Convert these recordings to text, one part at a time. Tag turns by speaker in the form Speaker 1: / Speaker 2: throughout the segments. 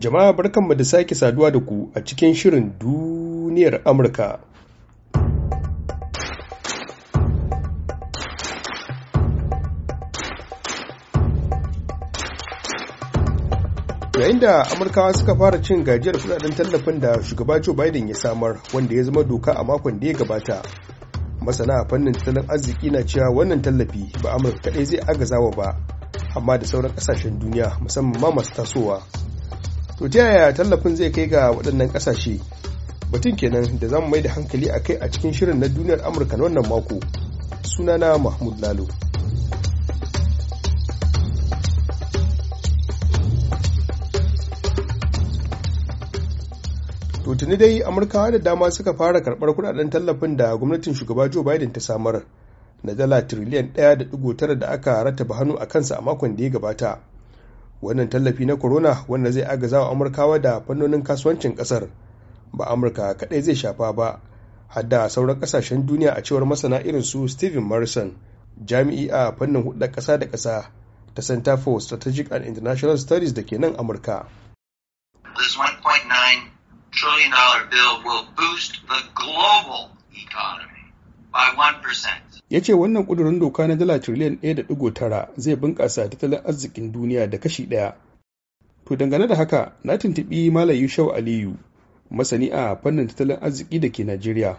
Speaker 1: Jama'a barkanmu da sake saduwa da ku a cikin shirin duniyar Amurka. Yayin da Amurkawa suka fara cin gajiyar kudaden tallafin da shugaba Joe Biden ya samar wanda ya zama doka a makon da ya gabata. Masana fannin tattalin arziki na cewa wannan tallafi ba Amurka kaɗai zai agazawa ba, amma da sauran ƙasashen duniya musamman ma masu tasowa. to ta yaya tallafin zai kai ga waɗannan ƙasashe batun kenan da za mu mai da hankali a kai a cikin shirin na duniyar amurka na wannan mako sunana mahmud lalo to tuni dai amurkawa da dama suka fara karɓar kudaden tallafin da gwamnatin shugaba joe biden ta samar na dala tiriliyan 1.9 da aka rataba hannu a kansa a makon da ya gabata wannan tallafi na corona wanda zai agaza wa amurkawa da fannonin kasuwancin kasar ba amurka kadai zai shafa ba hadda sauran kasashen duniya a cewar masana irin su steven morrison jami'i a fannin hudu kasa da kasa ta center for strategic and international studies da ke nan amurka
Speaker 2: $1.9 trillion bill will boost the global economy.
Speaker 1: Ya ce wannan ƙudurin doka na dala tiriliyan 1.9 zai bunƙasa tattalin arzikin duniya da kashi ɗaya. To dangane da haka na tuntuɓi Malam Yushau Aliyu, masani a fannin tattalin arziki da ke Najeriya.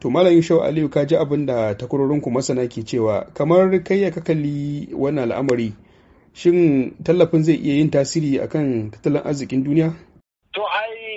Speaker 1: To Malam Yushau Aliyu ka ji abin da ku masana ke cewa kamar kai ya kalli wannan al'amari shin tallafin zai iya yin tasiri akan tattalin arzikin duniya?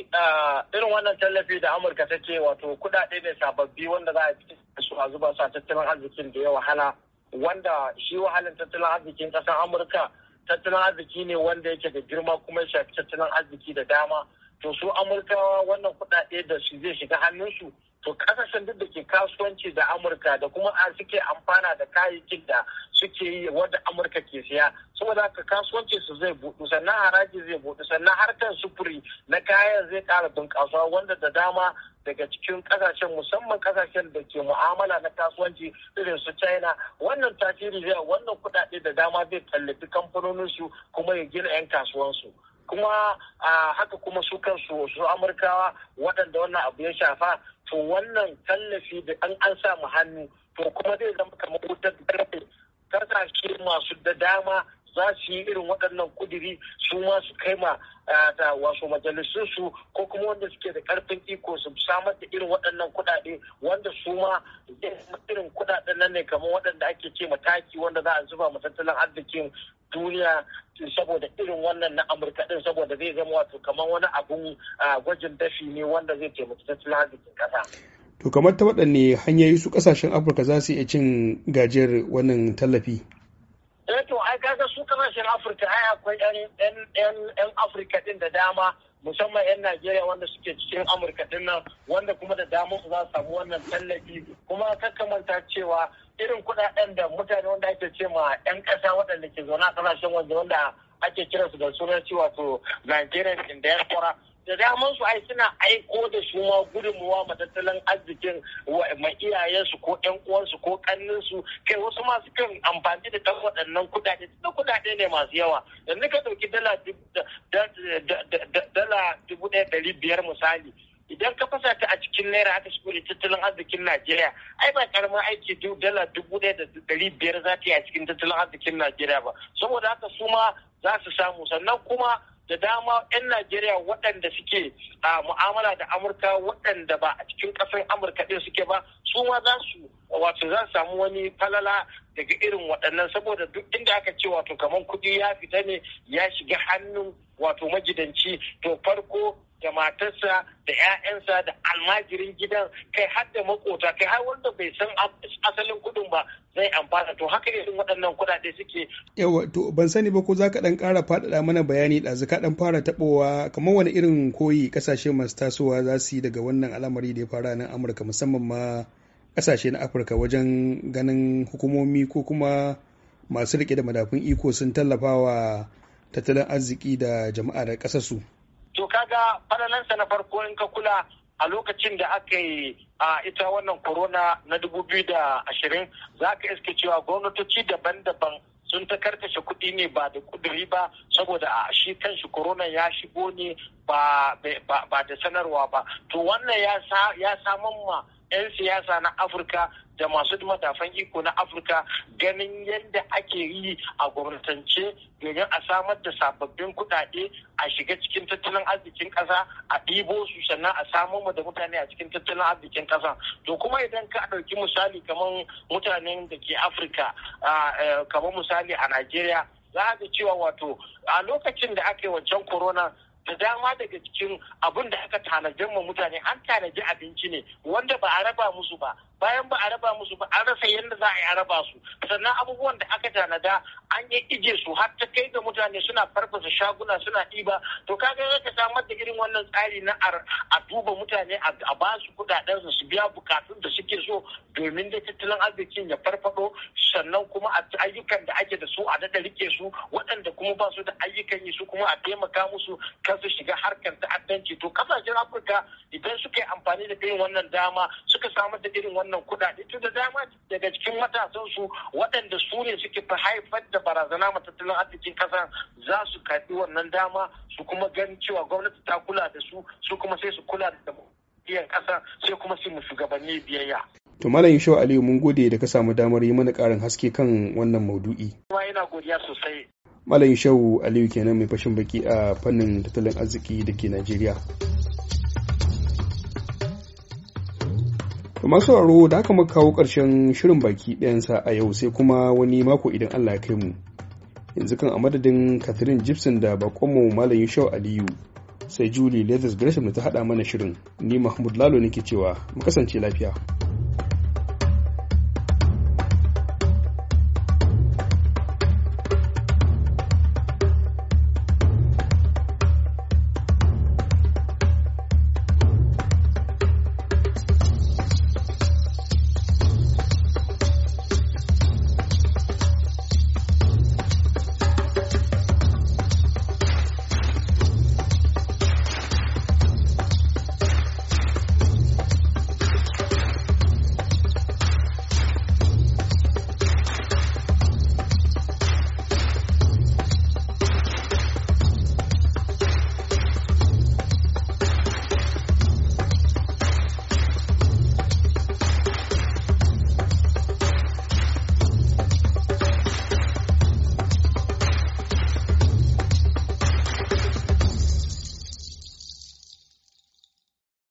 Speaker 2: irin wannan tallafi da amurka ta ce wato kudade ne sababbi wanda za a su a zuba su a tattalin arzikin da ya wahala wanda shi wahalin tattalin arzikin kasar amurka tattalin arziki ne wanda yake da girma kuma ya shafi tattalin arziki da dama to su amurkawa wannan kudade da su zai shiga hannunsu to kasashen duk da ke kasuwanci da amurka da kuma a suke amfana da kayayyakin da suke yi wadda amurka ke siya saboda haka kasuwanci su zai budu sannan haraji zai budu sannan harkar sufuri na kayan zai kara bunƙasa wanda da dama daga cikin kasashen musamman kasashen da ke mu'amala na kasuwanci irin su china wannan tasiri zai wannan kuɗaɗe da dama zai tallafi su kuma ya gina 'yan kasuwansu kuma haka kuma su kansu su amurkawa waɗanda wannan abu ya shafa to wannan tallafi da an an samu hannu to kuma zai zama kamar wutar karfe kasashe masu da dama za su yi irin waɗannan kudiri su ma su kai ma da wasu majalisunsu ko kuma wanda suke da karfin iko su samar da irin waɗannan kuɗaɗe wanda su ma irin kuɗaɗen nan ne kamar waɗanda ake ce mataki wanda za a zuba ma tattalin arzikin duniya saboda irin wannan na amurka din saboda zai zama wato kamar wani abun gwajin dafi ne wanda zai taimaki tattalin arzikin ƙasa.
Speaker 1: to kamar ta waɗanne hanyoyi su ƙasashen afirka za su iya cin gajiyar wannan tallafi.
Speaker 2: eh to kaga su kasashen afirka ai akwai yan afirka din da dama musamman yan najeriya wanda suke cikin amurka din nan wanda kuma da dama su za su samu wannan tallafi kuma kakkamanta cewa irin kudaden da mutane wanda ake ce ma yan kasa waɗanda ke zaune a kasashen wanda ake kiransu da sunan cewa to nigerian in diaspora da daman su ai suna aiko da su ma gudunmuwa ma tattalin arzikin ma iyayensu ko ƴan uwansu ko ƙanninsu kai wasu ma su kan amfani da ɗan waɗannan kuɗaɗe duk kuɗaɗe ne masu yawa yanzu ka ɗauki dala dubu ɗaya ɗari biyar misali idan ka fasa ta a cikin naira aka shigo da tattalin arzikin Najeriya ai ba karamin aiki duk dala dubu ɗaya da ɗari biyar za ta yi a cikin tattalin arzikin Najeriya ba saboda haka su ma za su samu sannan kuma da dama 'yan Najeriya waɗanda suke a mu'amala da Amurka waɗanda ba a cikin ƙasar Amurka ɗin suke ba su ma za su wato za su samu wani falala daga irin waɗannan saboda duk inda aka ce wato kamar kuɗi ya fita ne ya shiga hannun wato magidanci to farko da matarsa da 'ya'yansa da almajirin gidan kai har da makota kai har wanda bai san asalin kudin ba zai amfana to haka irin waɗannan kuɗaɗe
Speaker 1: suke yawa to ban sani ba ko za ka ɗan ƙara faɗaɗa mana bayani ɗazu ka ɗan fara taɓowa kamar wani irin koyi ƙasashe masu tasowa za su yi daga wannan al'amari da ya fara nan amurka musamman ma ƙasashe na afirka wajen ganin hukumomi ko kuma masu riƙe da madafun iko sun tallafa wa tattalin arziki da jama'a da ƙasarsu.
Speaker 2: to kaga falalansa na farko in ka kula a lokacin da aka yi a ita wannan corona na dubu biyu da ashirin za ka iske cewa gwamnatoci daban-daban sun ta karkashe kuɗi ne ba da kuduri ba saboda a shi kanshi corona ya shigo ne ba da sanarwa ba to wannan ya samun ma 'yan siyasa na afirka da masu matafan iko na afirka ganin yadda ake yi a gwamnatance domin a samar da sababbin kuɗaɗe a shiga cikin tattalin arzikin ƙasa a ɗibo su sannan a samar da mutane a cikin tattalin arzikin kasa to kuma idan ka ɗauki misali kamar mutanen da ke afirka e, kamar misali a najeriya za a ga cewa wato a lokacin da aka yi wancan corona da dama daga cikin abin da aka tanaje ma mutane an tanaji abinci ne wanda ba a raba musu ba bayan ba a raba musu ba an rasa yadda za a yi raba su sannan abubuwan da aka tanada an yi ije su har ta kai ga mutane suna farfasa shaguna suna ɗiba to kaga ga ka samar da irin wannan tsari na a duba mutane a ba su kuɗaɗen su biya bukatun da suke so domin da tattalin arzikin ya farfado sannan kuma a ayyukan da ake da su a daɗa rike su waɗanda kuma ba su da ayyukan yi su kuma a taimaka musu kan su shiga harkar ta'addanci to kasashen afirka idan suka yi amfani da irin wannan dama suka samar da irin wannan kuɗaɗe to da dama daga cikin matasan su waɗanda su ne suke fi haifar da barazana ma tattalin arzikin ƙasa za su karɓi wannan dama su kuma ganin cewa gwamnati ta kula da su su kuma sai su kula da demokradiyyar ƙasa sai kuma su mu shugabanni biyayya.
Speaker 1: To Malam Yusho Aliyu mun gode da ka samu damar yi mana ƙarin haske kan wannan maudu'i.
Speaker 2: Kuma yana godiya sosai.
Speaker 1: Malam Yusho Aliyu kenan mai fashin baki a fannin tattalin arziki da ke Najeriya. To masu sauraro da aka muka kawo ƙarshen shirin baki ɗayansa a yau sai kuma wani mako idan Allah ya kai mu. Yanzu kan a madadin Catherine Gibson da bakonmu Malam Yusho Aliyu sai Julie Leathers Gresham da ta haɗa mana shirin. Ni Mahmud Lalo nake cewa mu kasance lafiya.